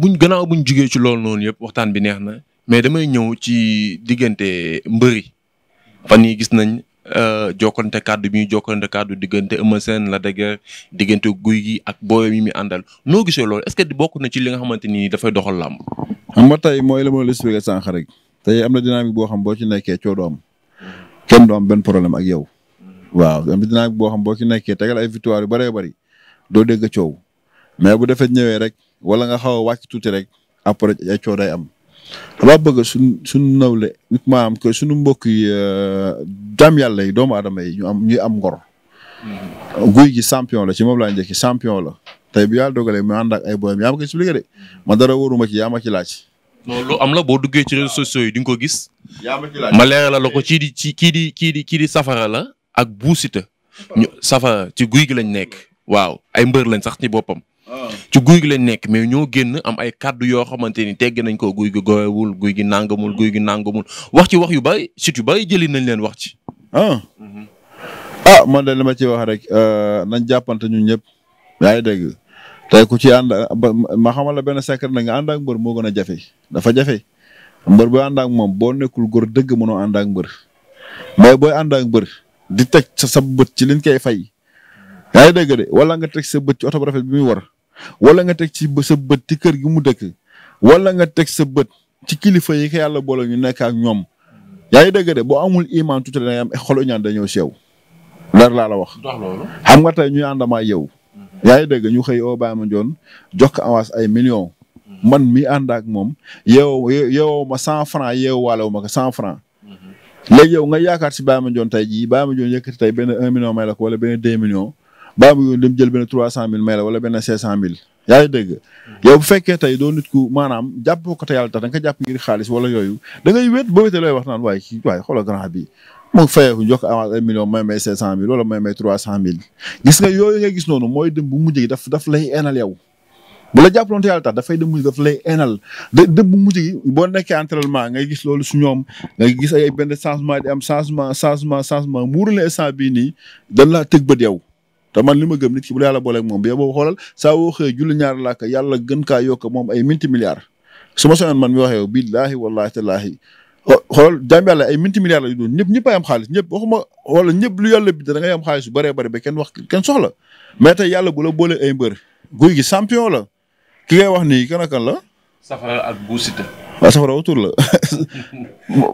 buñ gannaaw buñ jugee ci lool noonu yëpp waxtaan bi neex na mais damay ñëw ci diggante mbëri fan yi gis nañ euh, jokkante kàddu bi ñuy jokkante kàddu diggante Eumeu Sène la dëgg diggante guy gi ak booyam yi muy àndal noo gisee loolu est-ce que bokk na ci li nga xamante ni dafay doxal am xam ma tey mooy la ma la expliqué sànq rek te am na bi boo xam boo ci nekkee coo du am kenn du am benn problème ak yow. waaw am na dynamique boo xam boo ci nekkee tegal ay victoire yu bëree doo dégg coow wala nga xaw a wàcc tuuti rek après ay coow day am dama bëgg suñ suñ nawle maanaam que suñu mbokk yi euh, jaam yàlla yi doomu adama yi ñu am ñuy am ngor mm-hmm. guy gi champion la ci moom laa njëkki sampion la te bu yàlla dogalee mu ànd ak ay boyam yaa ma ko expliqué de mm-hmm. man dara wóoruma ci yaa ma ci laaj non am la boo duggee ci réseaux sociaux yi di nga ko gis ma leeral la ko ci di ci kii di kii di kii di safara la ak buusita ñu safara ci guy gi lañ nekk waaw ay mbër lañ sax ci boppam ci guy gi leen nekk mais ñoo génn am ay kàddu yoo xamante ni tegg nañ ko guy gi gooyewul guy gi nangamul guy gi nangamul wax ci wax yu bari sit yu bari jëli nañ leen wax ci. ah. ah man de li ma ci wax rek euh, nañ jàppante ñun ñëpp. yaa ngi dégg tey ku ci ànd ma xamal la benn secret na nga ànd ak mbër moo gën a jafe dafa jafe mbër booy ànd ak moom boo nekkul góor dëgg mënoo ànd ak mbër mais booy ànd ak di teg sa sa bët ci liñ koy fay yaa ngi dégg de wala nga teg sa bët ci oto bi muy war. wala nga teg ci sa bët ci kër gi mu dëkk wala nga teg sa bët ci kilifa yi ko yàlla boole ñu nekk ak ñoom yaa ngi dëgg de boo amul iman tuuti dangay am xolu ñaan dañoo sew leer laa la wax xam nga tey ñuy àndama yow yaa ngi dëgg ñu xëy oo ma Mandione jox ko avance ay millions man mi ànd ak moom yeew yeewoo ma cent franc yeewu waale wu ma ko cent franc mhm. léegi yow nga yaakaar si Baye Mandione tey jii Baye Mandione yëkkati tey benn un million may la ko wala benn deux millions baa mu dem jël benn trois cent mille may wala benn cinq cent mille yaa ngi dégg yow bu fekkee tey doo nit ku maanaam jàppoo ko te yàlla tax da nga ko jàpp ngir xaalis wala yooyu da ngay wét boo wétee looy wax naan waaye kii waaye xoolal grand bi mu fayeeku jox avance un million may may cinq cent mille wala may may trois cent mille gis nga yooyu nga gis noonu mooy dem bu mujj gi daf daf lay enal yow bu la jàppaloon te yàlla tax dafay dem daf lay enal da dëbb bu mujj gi boo nekkee entraînement ngay gis loolu su ñoom ngay gis ay benn changement di am changement changement changement muurule instant bii nii dañ laa tëg bët yow te man li ma gëm nit ki bu la yàlla booleeg moom bi boobu xoolal saa woo xëy julli ñaar laaka yàlla gën ka yokk moom ay minti milliards su ma sonoon man mi waxee yow billaahi wallaahi tallaahi xoolal jaam yàlla ay minti milliards la ñu doon ñëpp ñëpp am xaalis ñëpp waxuma wala ñëpp lu yàlla bi da ngay am xaalis bu bëree bëri ba kenn wax kenn soxla mais tey yàlla bu la boolee ay mbër guy gi champion la ki ngay wax nii kan kan la. safara ak buusita. Ah, waaw safara tur la.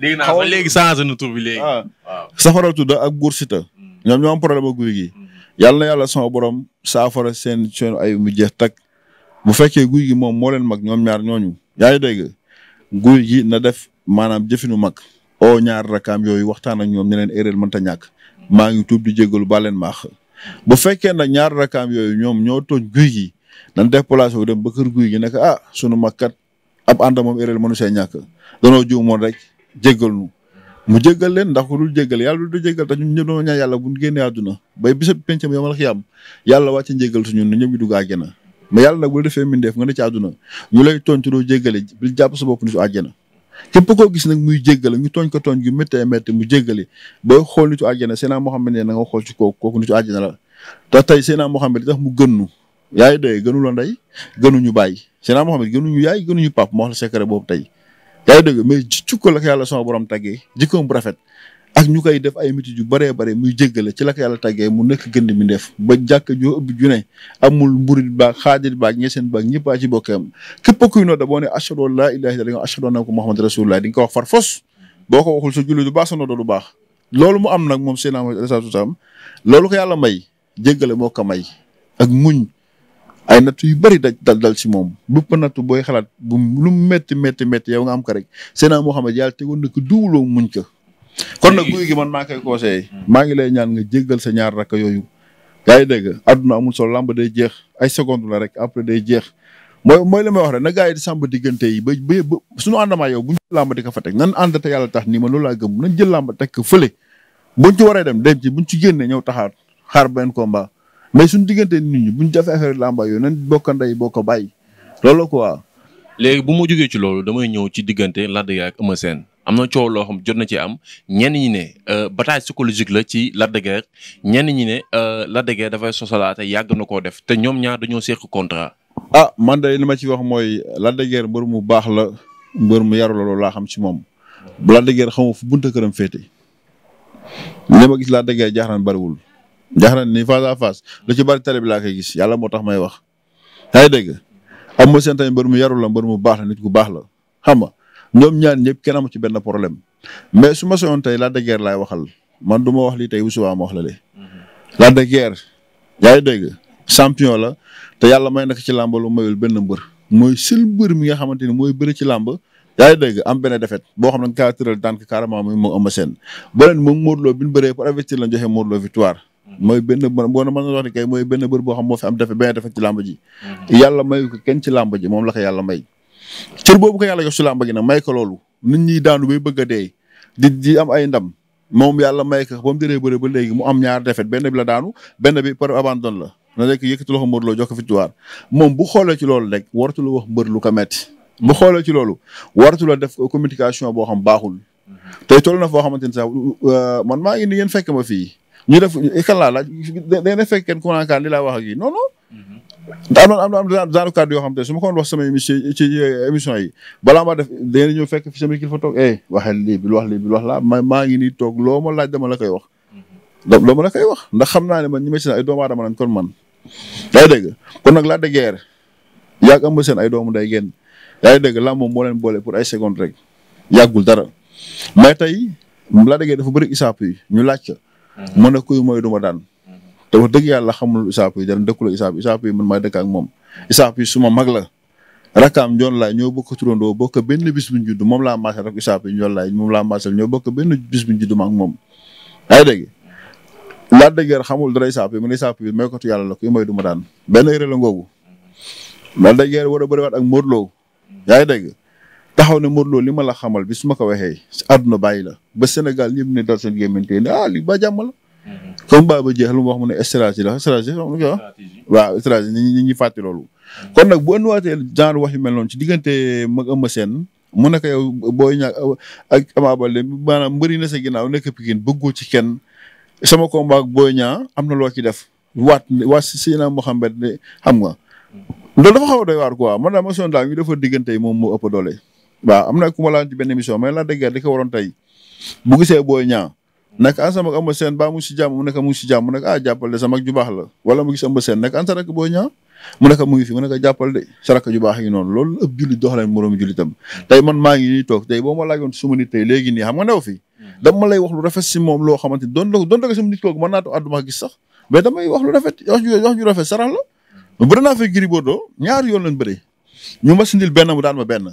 léegi naa ba léegi changé na tur bi léegi. Ah. safara tur ak buusita. Hmm. ñoom ñoo problème ak guy gi. Hmm. yàlla na yàlla sama borom saafara seen seen ay mu jeex tak bu fekkee guy gi moom moo leen mag ñoom ñaar ñooñu yaa ngi dégg guy gi na def maanaam jëfinu mag o ñaar rakam yooyu waxtaan ak ñoom ne leen erreur mënta ñàkk maa ngi tuub di jégalu ba leen bu fekkee nag ñaar rakam yooyu ñoom ñoo tooñ guy gi nan déplacé wu dem ba kër guy gi nekk ah sunu mag kat ab ànd moom erreur mënu see ñàkk danoo jiw moon rek jégal mu jéggal leen ndax ku dul jéggal yàlla du jéggal te ñun ñëpp dañoo ñaan yàlla bu ñu génnee àdduna ñun ñëpp ñu dugg àjjana mais yàlla nag bu la defee mbindeef nga ne ci àdduna ñu lay tooñ te doo jéggale bil jàpp sa bopp nitu àjjana képp koo gis nag muy jéggale ñu tooñ ko tooñ gu méttee métti mu jéggale bay xool nitu àjjana seenaa Muhammad ne na nga xool ci kooku kooku nitu àjjana la te tey seenaa xam li tax mu gënnu yaay doy gënu la ndey gënuñu bàyyi seenaa Muhammad gënuñu yaay gënuñu pap moo la secret boobu tey yaa ngi dégg mais cukka la ko yàlla sama borom taggee jikkoom bu rafet ak ñu koy def ay métit yu baree bare muy jéggale ci la ko yàlla taggee mu nekk gën mi def ba jàkk joo ëbbi ju ne amul mburit baag xaadir baag ñeseen baag ñëpp a ci bokkeem képp kuy nodda boo ne ashhadu an laa ilaaha illallaah ashhadu anna muhammad rasulullah di nga ko wax far fos boo ko waxul sa julli du baax sa mu am moom seen alayhi salaatu wa salaam loolu ko yàlla may jéggale moo ko may ak muñ ay nattu yu bëri daj dal dal si moom bépp nattu booy xalaat bu lu métti métti métti yow nga am ko rek Seydina Mohamed yàlla tegoon na ko duwuloo muñ ko kon na guy gi man maa koy conseillé maa ngi lay ñaan nga jéggal sa ñaar rakk yooyu yaa ngi dégg àdduna amul solo làmb day jeex ay seconde la rek après day jeex mooy mooy li wax rek na gars yi di sàmb diggante yi ba su suñu àndamaa yow bu ñu di ko fa teg nan ànd yàlla tax nii ma loolu laa gëm nañ jël làmb tek ko fële buñ ci waree dem dem ci buñ ci génnee ñëw taxaat xaar benn combat mais suñu diggante nit ñi buñ defee affaire làmba yooyu nañ bokk ndey bokk bàyyi loolu waa léegi bu ma jógee ci loolu damay ñëw ci diggante Lac de Guiers ak Eumeu Sène am na coow loo xam jot na ci am ñenn ñi ne euh, bataille psychologique la ci Lac de Guiers ñenn ñi ne euh, Lac de Guiers dafay sosalaate yàgg na koo def te ñoom ñaar dañoo seq contrat. ah man de li ma ci wax mooy Lac de Guiers mbër mu baax la mbër mu yaru la loolu laa xam ci moom Lac de Guiers xamoo fu bunta këram féete li ma gis Lac de Guiers bariwul. jaaxle ni face à face lu ci bari télé bi laa koy gis yàlla moo tax may wax. yaa ngi dégg am ma seen tamit mbër mu yarul la mbër mu baax la nit ku baax la xam nga ñoom ñaan ñëpp kenn amu ci benn problème mais su ma soxoon tey Lac de Guiers laay waxal man du ma wax lii tey bu subaa ma wax la de. Lac de Guiers yaa ngi dégg champion la te yàlla may nak ci làmb lu mayul benn mbër mooy seul mbër mi nga xamante ni mooy bëri ci làmb. yaa ngi dégg am bene defet boo xam ne kaa tëral daan ko carrément muy mu ëmb seen beneen moom Modou Lo bi ñu bëree pour avertir lañ joxe Modou mooy benn bër boo mën a wax ni kay mooy benn bër boo xam moo fi am dafa benn dafa ci làmb ji mm-hmm. yàlla mayu ko kenn ci làmb moom la ko yàlla may cër boobu ko yàlla jox ci làmb ji nag may ko loolu nit ñi daanu a dee di di am ay ndam moom yàlla may ko ba mu dëree bëre ba léegi mu am ñaar defet benn bi la daanu benn bi par abandon la na rek yëkkati loxo mbër loo jox ko victoire moom bu xoolee ci loolu rek waratu la wax mbër lu ko metti bu xoolee ci loolu waratu la def communication boo xam baaxul mm-hmm. tey toll na foo xamante ni sax euh, man maa ngi ni ngeen fekk ma fii ñu def kan laa laaj day na fekk kenn ku naan kaan li laa wax non non. am na am na genre kàddu xam te su ma ko wax sama émission ci émission yi balaa maa def da ngeen fekk fi sama kilifa toog eh wax lii maa ngi nii toog loo ma dama la koy wax. loo ma la koy wax ndax xam naa ne man ñi ma ci ay doom aadama lañ kon man. yaa ngi dégg kon nag laa de guerre yàgg am seen ay doomu day génn yaa ngi dégg laa moom moo leen boole pour ay seconde rek yàggul dara mais tey laa de guerre dafa bëri isaap yi ñu laaj mën na kuy mooy du ma daan te wax dëgg yàlla xamul isaap yi dana dëkkula isaap isaap yi man maa dëkk ak moom isaap yi suma mag la rakkaam njoon laay ñoo bokk turandoo bokk benn bis buñ judd moom laa maasal rek isaap yi moom laa maasal ñoo bokk benn bis buñ judd ma ak moom yaa dégg laa dëggeer xamul dara isaap yi mu ne isaap yi may kotu yàlla la kuy mooy du ma daan benn réla ngoogu laa dëggeer war a ak Modou Lo yaa dégg taxaw ne Modou Lo li ma la xamal bi su ma ko waxee àdduna bàyyi la ba Sénégal yëpp ne dal seen gémmiñ ne ah li ba jàmm la. Mm-hmm. comme ba ba jeex mu wax mu ne stratégie la stratégie xam nga ñi ñi fàtte loolu. Mm-hmm. kon nag bu ënduwaatee genre wax yu mel noonu ci diggante mag ma Sène mu nekk yow booy ñàkk ak Ama Baldé maanaam na sa ginnaaw nekk Pikine bëggoo ci kenn sama combat ak Boy am na loo ci def waat waat si Seydina Mohamed ne xam nga. Mm-hmm. loolu dafa xaw a doy waar quoi man daal ma sonn daal ñu dafa diggante moom moo ëpp doole. waaw am na ku ma laaj ci benn émission mais Lac de Guiers di ko waroon tey bu gisee Boy Niang nekk an sama Eumeu Sène ba mu si mu nekk mu ngi mu nekk ah, jàppale sama ju baax wala mu gis Eumeu Sène nekk ngi fi mu nekk jàppal de sa rakk ju baax noonu loolu ëpp jullit dox leen moroomi maa ngi toog tey boo ma laajoon suma nit tey léegi nii xam nga new fi dama lay wax lu rafet si moom loo xamante doon doon la ko sama nit kooku mën naa toog àdduma gis sax mais damay wax lu rafet wax la bëri naa fay ñu ma sindil benn mu daan ma benn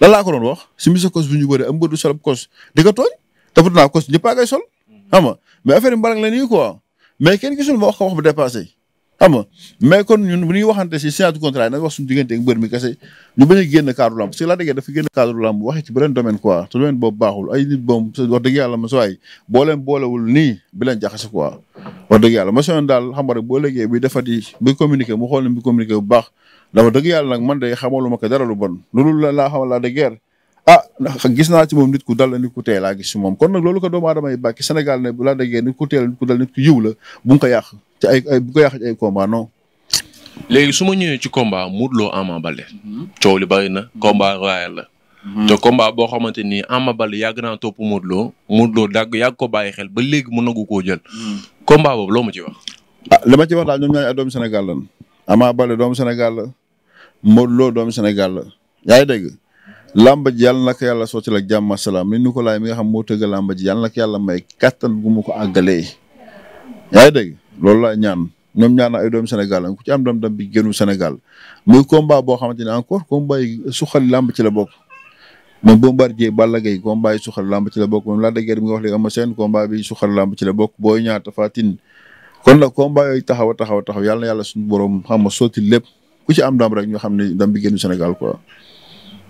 lan ko doon wax si mise kos bu ñu bëri am mbër du sol ab kos di ko tooñ dafa kos ñëpp a ngay sol xam nga mais affaire yi mbarang la nii quoi mais kenn gisul ma wax ko wax bu dépassé am nga mais kon ñun bu waxante si signature contrat yi nañ wax suñu diggante ak mbër mi kese ñu bañ a génn cadre lamb parce que laa déggee dafa génn cadre lamb waxee ci beneen domaine quoi te domaine boobu baaxul ay boom wax dëgg boo leen boolewul nii bi leen jaxase quoi wax dëgg yàlla ma soon daal xam nga rek boo bi dafa di bi communiqué mu xool ne bi communiqué bu baax dafa dëgg yàlla nag man day xamaluma ko dara laa xamal laa de guerre ah ndax gis naa ci moom nit ku dal la nit ku teel gis si moom kon nag loolu ko doomu aadama yi bàkki Sénégal ne bu laa déggee nit ku teel nit ku dal nit ku yiw la bu nga ko yàq ci ay ay ay combat su ma ñëwee ci combat Modou Lo Ama li bari na combat la. te boo xamante ni Ama bal yàgg naa top Modou Lo Modou Lo dàgg yàgg ko bàyyi xel ba léegi mu nagu koo jël. combat boobu loo ma ci wax. ah li ma ci wax daal ñoom ñaari ay doom senegal lan Ama Baldé doomu Sénégal la Modou Lo doomu Sénégal la yaa ngi dégg làmba ji yàlla na ko yàlla sottil ak jàmm salaam ni nu ko laay mi nga xam moo tëgg làmba ji yàlla na ko yàlla may kàttan gu mu ko àggalee. yaa ngi dégg loolu laa ñaan ñoom ñaan ay doomu Sénégal ku ci am dam dam bi génnu Sénégal muy combat boo xamante ne encore kom bay suxali làmb ci la bokk. moom Bombardier Balla Gaye combat yi suxali làmb ci la bokk moom Lac de Guiers bi nga wax léegi am seen combat bi suxali làmb ci la bokk Boy Niang Tapha Tine kon nag combat yooyu taxaw a taxaw a taxaw yàlla yàlla suñu borom xam nga sotti lépp ku ci am dam rek ñu xam ne dam bi génnu senegal quoi